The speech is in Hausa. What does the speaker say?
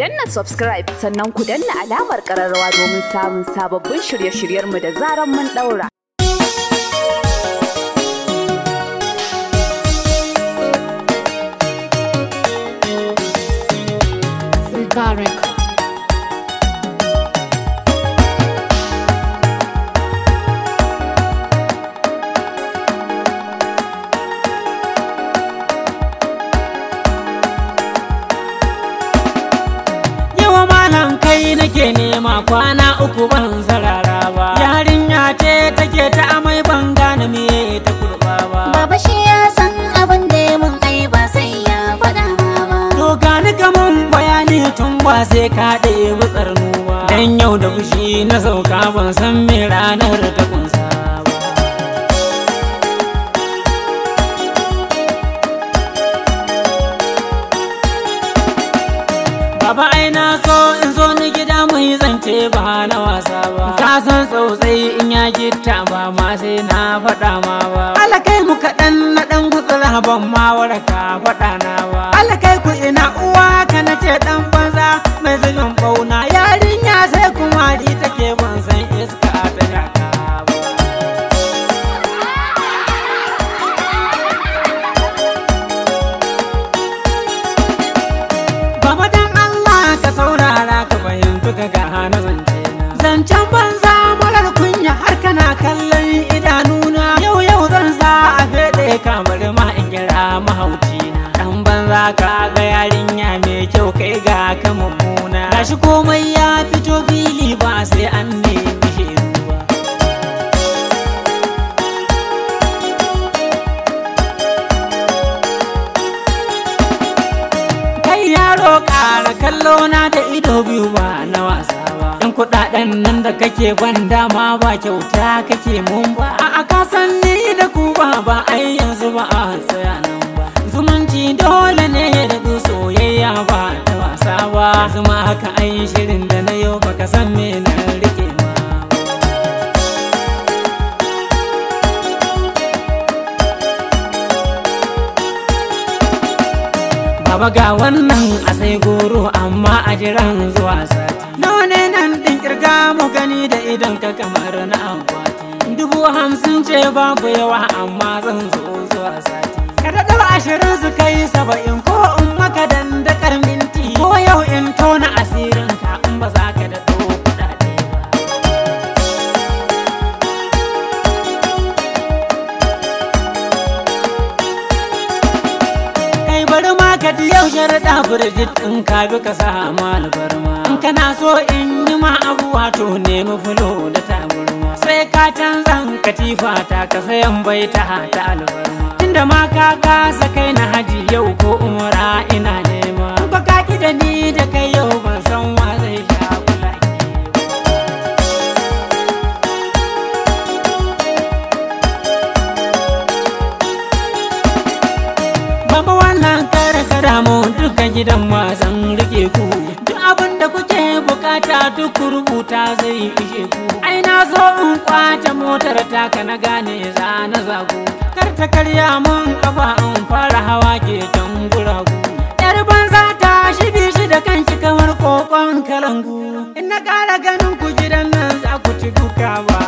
danna subscribe sannan ku danna alamar kararrawa domin samun sababbin shirye-shiryenmu da zarar mun daura. kwana uku ban zarara ba yarinya ce take ta amai ban gane me ta kurba ba baba shi ya san abin da ya mun kai ba sai ya faɗa ba to gani kaman bayani tun ba sai ka ɗaya wutsar ba dan yau da fushi na sauka ban san me ranar ta kunsa Baba ai na so in zo ce ba na wasa ba ka san tsautsayi in ya gitta ba ma sai na faɗa ma ba alakai mu kaɗan na ɗan kutsura ban ma waraka faɗa na ba zancen banza marar kunya har kana kallon idanuna yau yau zan sa a fede kamar ma in gira mahauci dan banza ka ga yarinya mai kyau kai ga ka mummuna gashi komai ya fito fili ba sai an nemi sheduwa kai yaro ƙara kallo na da ido biyu ba na wasa kuɗaɗen nan da kake ban dama ba kyauta kake mun ba A kasan ni da ku ba ba ai yanzu ba a tsaya nan ba Zumunci dole ne ya du soyayya ba da wasa ba Zuma haka ai shirin da na yau baka san me na rike Baba ga wannan a sai goro amma a jiran zuwa sai idan ka kamar na akwati dubu hamsin ce babu yawa amma zan zo zuwa sati ka daɗa ashirin su kai saba'in ko in maka dandakar minti ko yau in tona asirin ka in ba za ka daɗo kuɗaɗe ba kai bari ma ka yau sharaɗa burjit in ka bi ka sa ma albarma in kana so in kuma abu wato nemi fulo da taburma sai ka canzan katifa ta ka sayan baita ta albarma tunda ma ka kasa kai na haji yau ko umara ina nema ba ka ki da ni da kai yau ban san wa zai sha kula Baba wannan kare kara mu duka gidan wasan rike ku duk abin da kuke bukata duk rubuta zai ishe ku ai na zo in kwace motar ta ka na gane za na zago kar ta karya mun kafa in fara hawa ke can guragu yar banza ta shibi shi da kanki kamar kokon kalangu in na kara ganin ku gidan nan za ku ci duka ba